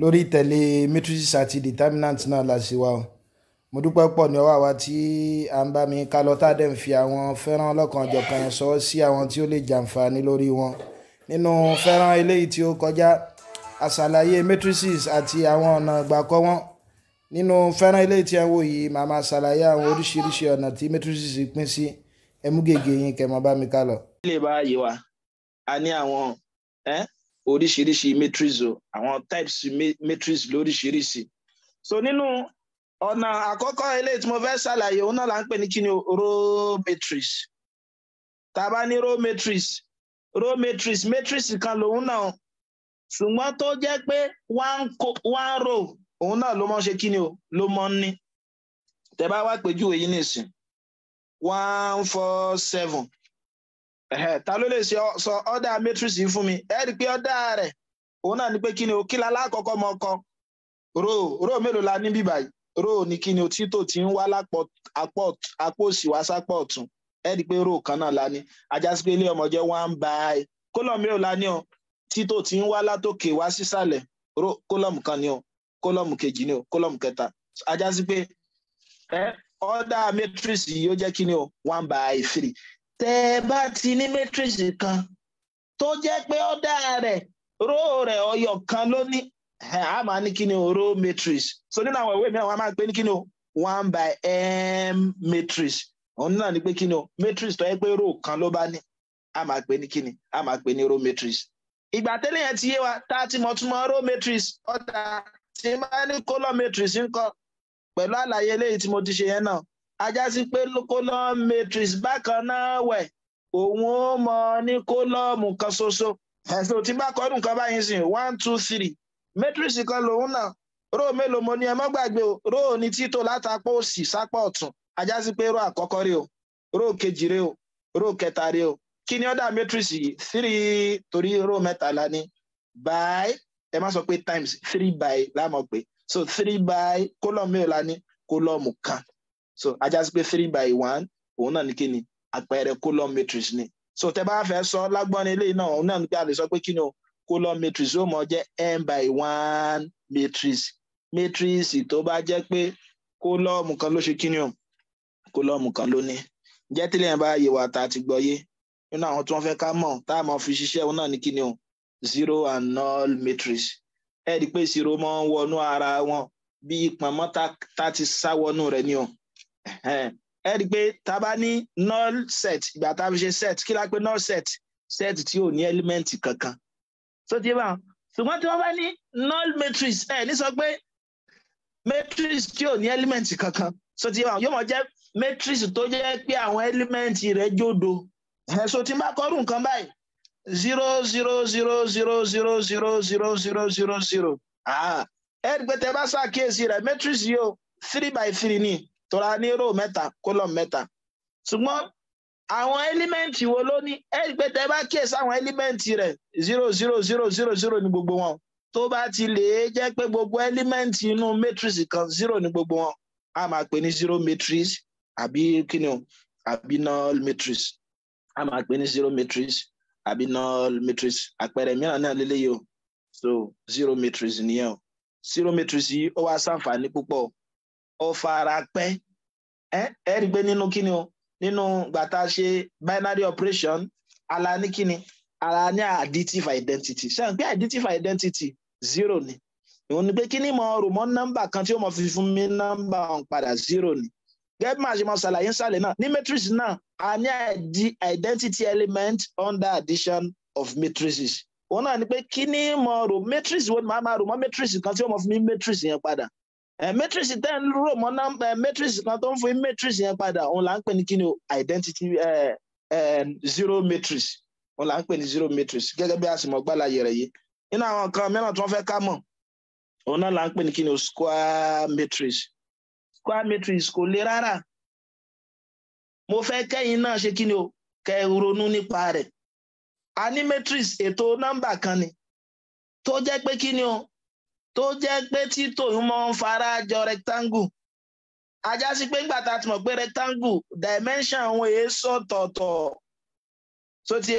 lórí ìtẹ̀lé matrices àti determinants náà la ṣe wá o mo dúpẹ́ pọ̀ ní ọwọ́ àwa tí à ń bá mi ká lọ tá a dẹ̀ ń fi àwọn fẹ́ràn ọlọ́kan ọ̀jọ̀kan sọ sí àwọn tí ó lè jàǹfààní lórí wọn nínú fẹ́ràn eléyìí tí ó kọjá àṣàlàyé matrices àti àwọn ọ̀nà ìgbàkọ́ wọn nínú fẹ́ràn eléyìí tí ẹ wò yìí màá máa ṣàlàyé àwọn oríṣiríṣi ọ̀nà tí matrices pín sí ẹmú yín kẹ́ mọ́ bá mi ká lọ. ilé bá yé wa a ní àwọn oríṣiríṣi matrix o àwọn types matrix lóríṣiríṣi so nínú ọ̀nà àkọ́kọ́ eléyìí tí mo fẹ́ ṣàlàyé òun náà là ń pè ní kíni row matrix tá bá ní row matrix row matrix matrix kan lòun náà ṣùgbọ́n tó jẹ́ pé one row òun náà ló mọ̀ ṣe kíni o ló mọ̀ ní tẹ́ bá wá pèjúwe yìí nìsín one four seven ta ló lè sọ ọdà matrix fún mi ẹ rí pé ọdà rẹ̀ òun náà ni pé kí ni o kí la lákọ̀ọ́kọ́ mọ kọ ro ro mélòó la ní bíbá Roo ni kí ni o tí tí ń wá lápò àpò òsì wá ọ̀tún ẹ rí kan náà la ní ajásí pé ilé ọmọ jẹ́ one by kólọ̀mù mélòó la ní o tí tí ń wá látòkè wá sísàlẹ̀ ro kan o kejì o kẹta ajásí pé ọdà matrix yìí one by three tẹ́ ẹ bá ti ní matrix kan tó jẹ́ pé ọ̀dà rẹ̀ ró rẹ̀ ọyọ kan ló ní a máa ní kíni o ró matrix so nínú àwọn ìwé mìíràn wọn máa ń pè ní kíni o one by m matrix òun náà ni pé kíni o matrix tó yẹ pé ró kan ló bá ní a máa pè ní kíni a máa pè ní ró matrix ìgbà tẹ́lẹ̀ yẹn ti yé wa tá a ti mọ̀ túmọ̀ ró matrix ọ̀dà tí máa ní kólọ̀ matrix ńkọ́ pẹ̀lú àlàyé eléyìí tí mo ti ṣe yẹn náà ajásí pé column matrix bákan náà wẹ̀ òun ó mọ ní kólọ́ọ̀mù kan ṣoṣo ẹ̀sìn òtí bá kọ́ nǹkan báyìí sìn one two three matrix kan lòun náà róò mélòó mo ní ẹ má gbàgbé o róò ní títò látàpọ̀ òsì sápọ̀ ọ̀tún ajásí pé róò àkọ́kọ́ rèé o róò kejì rèé o róò kẹta rèé o kí ni ọ̀dà matrix yìí three torí róò mẹ́tàlá ni by ẹ má sọ pé times three by láàmọ̀ pé so three by kólọ́ọ̀mù mélòó la ní kólọ́ọ̀mù kan so ajá just pé three by one òun náà ní kí ni àpẹẹrẹ column matrix ni so tẹ bá fẹ́ sọ lágbọ́n eléyìí náà òun náà ni. pé a lè sọ pé kí ni o column matrix ó mọ jẹ́ n by one matrix matrix tó bá jẹ́ pé kólọ́ọ̀mù kan ló ṣe kí ni o kólọ́ọ̀mù kan ló ní jẹ́ tílẹ̀ yẹn bá yẹ wà tá a ti gbọ́ yé nínú àwọn tí wọ́n fẹ́ ká mọ̀ tá a máa fi ṣiṣẹ́ òun náà ní kí ni o zero and null matrix ẹ rí i pé ìṣirò máa wọnú ara wọn bí ìpamọ́ tá a ti sá wọnú rẹ̀ ni o ẹ rí i pé tá a bá ní null set ìgbà tá a fi ṣe set kí la pé null set set tí ò ní element kankan tó ti bá wọn ṣùgbọ́n tí wọ́n bá ní null matrix ẹ ní sọ pé matrix tí ò ní element kankan tó ti bá wọn yóò mọ̀ jẹ́ matrix tó jẹ́ pé àwọn element rẹ̀ jódo ẹ̀sùn tí n bá kọ́rù nǹkan báyìí zero zero zero zero zero zero zero zero zero zero ah, ẹ rí i pé tẹ bá ṣàkíyèsí rẹ̀ matrix yìí o three by three ni tora ní ró mẹ́ta kólọ̀m mẹ́ta ṣùgbọ́n àwọn ẹ́límẹ́ǹtì wo ló ní ẹ̀rí pé tẹ́ bá kíyèsí àwọn ẹ́límẹ́ǹtì rẹ̀ zero zero zero zero zero ní gbogbo wọn tó bá ti lè jẹ́ pé gbogbo ẹ́límẹ́ǹtì inú matrix kan zero ní gbogbo wọn a máa pè ní zero matrix àbí kíni o àbí null matrix a máa pè ní zero matrix àbí null matrix àpẹẹrẹ mìíràn náà lélẹ́yìí o so zero matrix nìyẹn o zero matrix yìí ó wá ṣàǹfààní púpọ̀ ọ̀farapẹ́ ẹ ẹ rí i pé nínú kíni o nínú gbàtà ṣe binary operation ala ní kíni ala ní additive identity ṣe n pé additive identity zero ni ìwọ ni pé kíni mo rò mọ́ nọ́mbà kan tí ó mọ fi fún mi nọ́mbà ọ̀hún padà zero ni gẹ́gẹ́ máa ṣe máa ṣàlàyé nsàlẹ̀ náà ní matrix náà a ní identity element under addition of matrices òun náà ni pé kíni mo rò matrix wo ni màá máa rò mọ́ matrix kan tí ó mọ fún mi matrix yẹn padà Eh, matrix ten rò mọ́ náà matrix kan tó ń fún matrix yẹn padà òun là ń pè ní kí ni o identity eh, eh, zero matrix òun là ń pè ní zero matrix gẹ́gẹ́ bí àsìmọ́ gbàlàyé rẹ̀ yìí nínú àwọn nǹkan mìíràn tí wọ́n fẹ́ ká mọ̀ òun náà là ń pè ní kí ni o square matrix square matrix kò le rárá mo fẹ́ kẹ́yìn náà ṣe kí ni ronú nípa rẹ̀ ètò nọ́mbà kan ni tó jẹ́ tó jẹ́ pé tí tòun mọ́ ń fara jọ rectangle ajá sí pé ńgbà tá mọ̀ pé rectangle dimension òun èé sọ̀tọ̀ọ̀tọ̀ so ti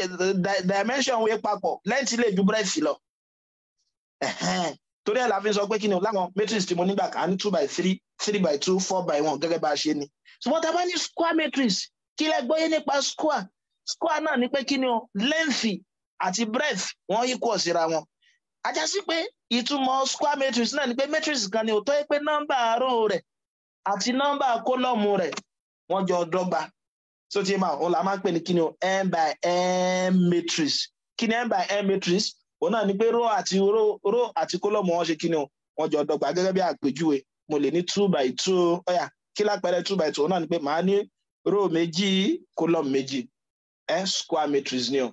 dimension òun èé papọ̀ lẹ́ǹtì lè ju breadth lọ torí ẹ̀ la fi sọ pé kí ni láwọn matrix tí mo nígbà kan ní two by three three by two four by one gẹ́gẹ́ bá a ṣe ni ṣùgbọ́n tá a bá ní square matrix kí lẹ gbọ́yé nípa square square náà ni pé kí ni o length àti breadth wọ́n equal síra wọn ajá sí pé ìtumọ̀ square matrix náà ni pé matrix kan ni òótọ́ pé nọ́mbà àárọ̀ rẹ̀ àti nọ́mbà kólọ́mù rẹ̀ wọ́n jọ dọ́gba so ti máa òun là máa ń pè ní kíni o n by n matrix kíni n by n matrix òun náà ni pé row àti row row àti kólọ́mù wọn ṣe kíni o wọ́n jọ dọ́gba gẹ́gẹ́ bí àpèjúwe mo lè ní two by two ọ̀yà kí lápẹẹrẹ two by two òun náà ni pé màá ní row méjì kólọ́mù méjì n square matrix ni o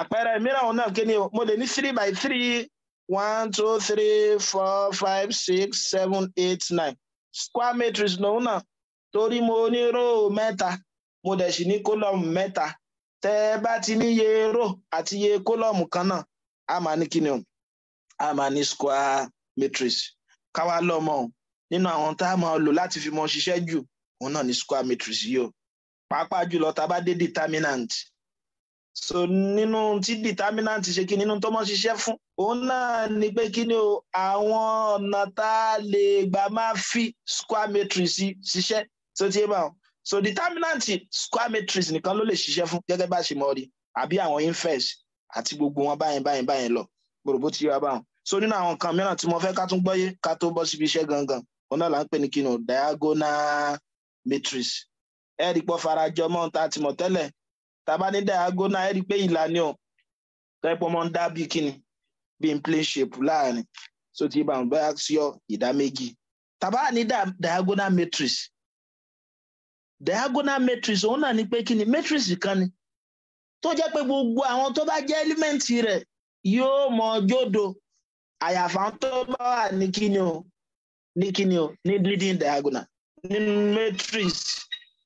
àpẹẹrẹ mìíràn òun náà kíni o mo lè ní three by three one, two, three, four, five, six, seven, eight, nine. Square matrix lòun náà torí mo ní róò mẹ́ta mo dẹ̀ sì ní kólọ́ọ̀mù mẹ́ta tẹ́ ẹ bá ti ní iye ró àti iye kólọ́ọ̀mù kan náà a máa ní kíni o a máa ní square matrix káwá lọ́mọ o nínú àwọn tá a máa lò láti fi mọ ṣiṣẹ́ jù òun náà ní square matrix yìí o pàápàá jùlọ tá a bá dé determinant so nínú tí determinant ṣe kí nínú tó mọ́ ṣiṣẹ́ fún òun náà ni pé kí ni o àwọn ọ̀nà tá a lè gbà máa fi square matrix ṣiṣẹ́ tó ti bá wọn so determinant square matrix nìkan ló lè ṣiṣẹ́ fún gẹ́gẹ́ bá ṣe mọ̀ rí àbí àwọn inverse àti gbogbo wọn báyìí báyìí báyìí lọ gbòròbó ti yọra báwọn so nínú àwọn nǹkan mìíràn tí mo fẹ́ ká tún gbọ́yé ká tó bọ́ síbi iṣẹ́ gangan òun náà là ń pè ní kí ni o diagonal matrix ẹ̀ẹ́dì pọ̀ farajọ mọ́ ohun tá a ti mọ̀ tẹ́lẹ̀ tàbá ní diagonal na rí i pé ìlà ni ọ tẹ́pọ̀ mọ́ ń dá bí kíni bí n plane shape láàrin so ti bá ń bá yọ ìdá méjì tàbá ní diagonal matrix diagonal matrix òun náà ni pé kíni matrix kan ni tó jẹ́ pé gbogbo àwọn tó bá jẹ́ ẹ́límẹ́ǹtì rẹ̀ yóò mọ jódo àyàfà tó bá wà ní kíni o ní kíni o ní leading diagonal ní matrix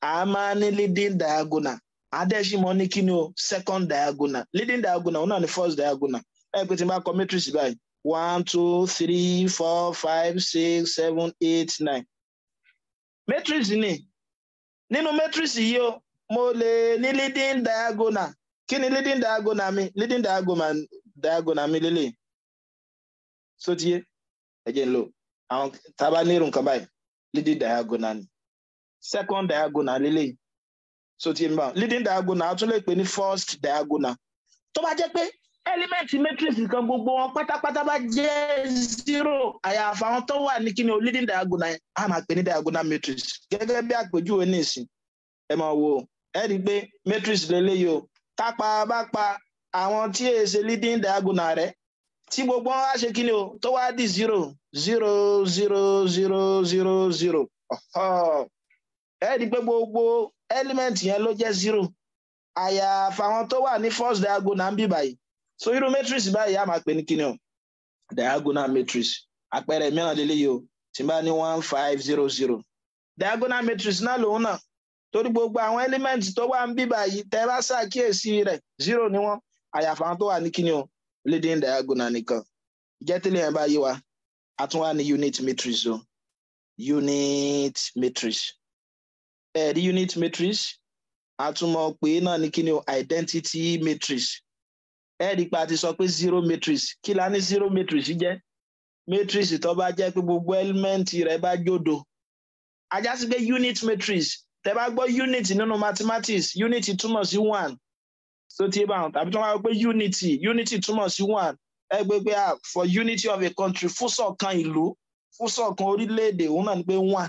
a máa ní leading diagonal Adeshimoni Kino, second diagonal. Leading diagonal, not the first diagonal. Everything back on matrix by one, two, three, four, five, six, seven, eight, nine. Matrix ni. Ninu matrix yi o, mo lè ní leading diagonal. Kini leading diagonal mi? Leading diagonal diagonal mi lélẹ̀. Sotiye, ẹ jẹ́ n lò. Àwọn tábà ní irun kan báyìí, leading diagonal ni. Second diagonal lélẹ̀ yìí. so leading diagonal a tún ní first diagonal tó bá jẹ́ pé element matrix kan gbogbo wọn pátápátá bá jẹ́ zero àyàfà àwọn tó wà ní kíni o leading diagonal yẹn a máa pè ní diagonal matrix gẹ́gẹ́ bí àpèjúwe ní ìsìn ẹ máa wo ẹ rí i pé matrix lélẹ́yìí o kápá bá pa àwọn tí ṣe leading diagonal rẹ tí gbogbo wọn wá ṣe kíni o tó wá di zero zero zero zero zero zero ẹ rí i pé gbogbo element yẹn ló jẹ́ zero àyàfà àwọn tó wà ní first diagonal ń bí báyìí so irú matrix báyìí a máa pè ní kíni o diagonal matrix àpẹẹrẹ mìíràn lélẹ́yìí o tí n bá ní one five zero zero diagonal matrix náà lòun náà torí gbogbo àwọn element tó wà ń bí báyìí tẹ́ bá ṣàkíyèsí rẹ̀ zero ni wọn, àyàfà àwọn tó wà ní kíni o leading diagonal nìkan ìjẹ́tẹ̀lẹ̀ yẹn bá yé wa a tún wà ní unit matrix o unit matrix ẹ̀rí unit matrix a tún mọ̀ pé náà ní kí ni o identity matrix ẹ̀rí pa ti sọ pé zero matrix kí la ní zero matrix jẹ́ matrix tó bá jẹ́ pé gbogbo ẹ́límẹ́ǹtì rẹ̀ bá jòdò ajá sí pé unit matrix tẹ́ bá gbọ́ unit nínú mathematics unit túmọ̀ sí one so tí bá wọn tàbí tí wọ́n bá wọ pé unity unity túmọ̀ sí one ẹ gbé pé ah, for unity of a country fúsọ̀ kan ìlú fúsọ̀ kan orílẹ̀-èdè òun náà ni pé one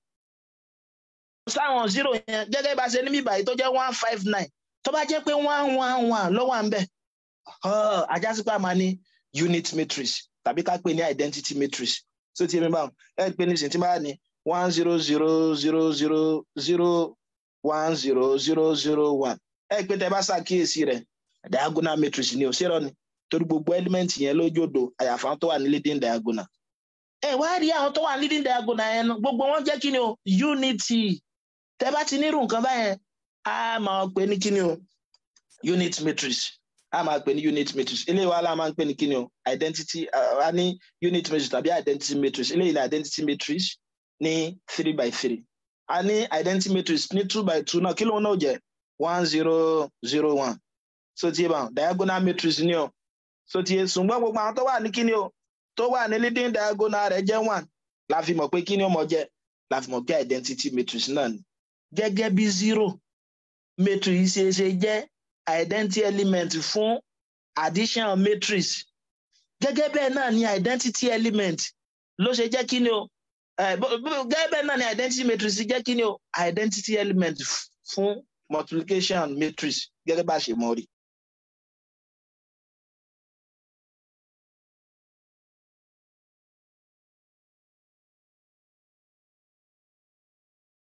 sáwọn zero yẹn gẹ́gẹ́ bá ṣe ní bíbá yìí tó jẹ́ one five nine tó bá jẹ́ pé one one one lọ́wọ́ à ń bẹ̀ àjásípà máa ní unit matrix tàbí ká pè ní identity matrix tó ti yẹ mi báwọn ẹ pé ní sèǹtì máa ní one zero zero zero zero zero one zero zero zero one ẹ pé tẹ bá ṣàkíyèsí rẹ diagonal matrix ni ò ṣèrọ ni torí gbogbo element yẹn lójódo àyàfà tó wà ní leading diagonal ẹ wá rí àwọn tó wà ní leading diagonal yẹn gbogbo wọn jẹ́ kí ni o unity tẹ́ bá ti nírú nǹkan báyẹn a máa pè ní kíni o unit matrix a máa pè ní unit matrix eléyìí wa la máa ń pè ní kíni o identity a ní unit matrix tàbí identity matrix eléyìí la identity matrix ní three by three a ní identity matrix ní two by two náà kí lóun náà jẹ́ one zero zero one so tiye bá diagonal matrix ni o so tiye ṣùgbọ́n gbogbo àwọn tó wà ní kíni o tó wà ní leading diagonal rẹ̀ jẹ́ one la fi mọ̀ pé kíni o mọ̀ jẹ́ la mọ̀ pé identity matrix náà ni gẹ́gẹ́ bí zero matrix ṣe ṣe jẹ́ identity element fún addition matrix gẹ́gẹ́ bẹ́ẹ̀ náà ni identity element ló ṣe jẹ́ kí ni o gẹ́gẹ́ bẹ́ẹ̀ náà ni identity matrix jẹ́ kí ni o identity element fún multiplication matrix gẹ́gẹ́ bá ṣe mọ̀ rí.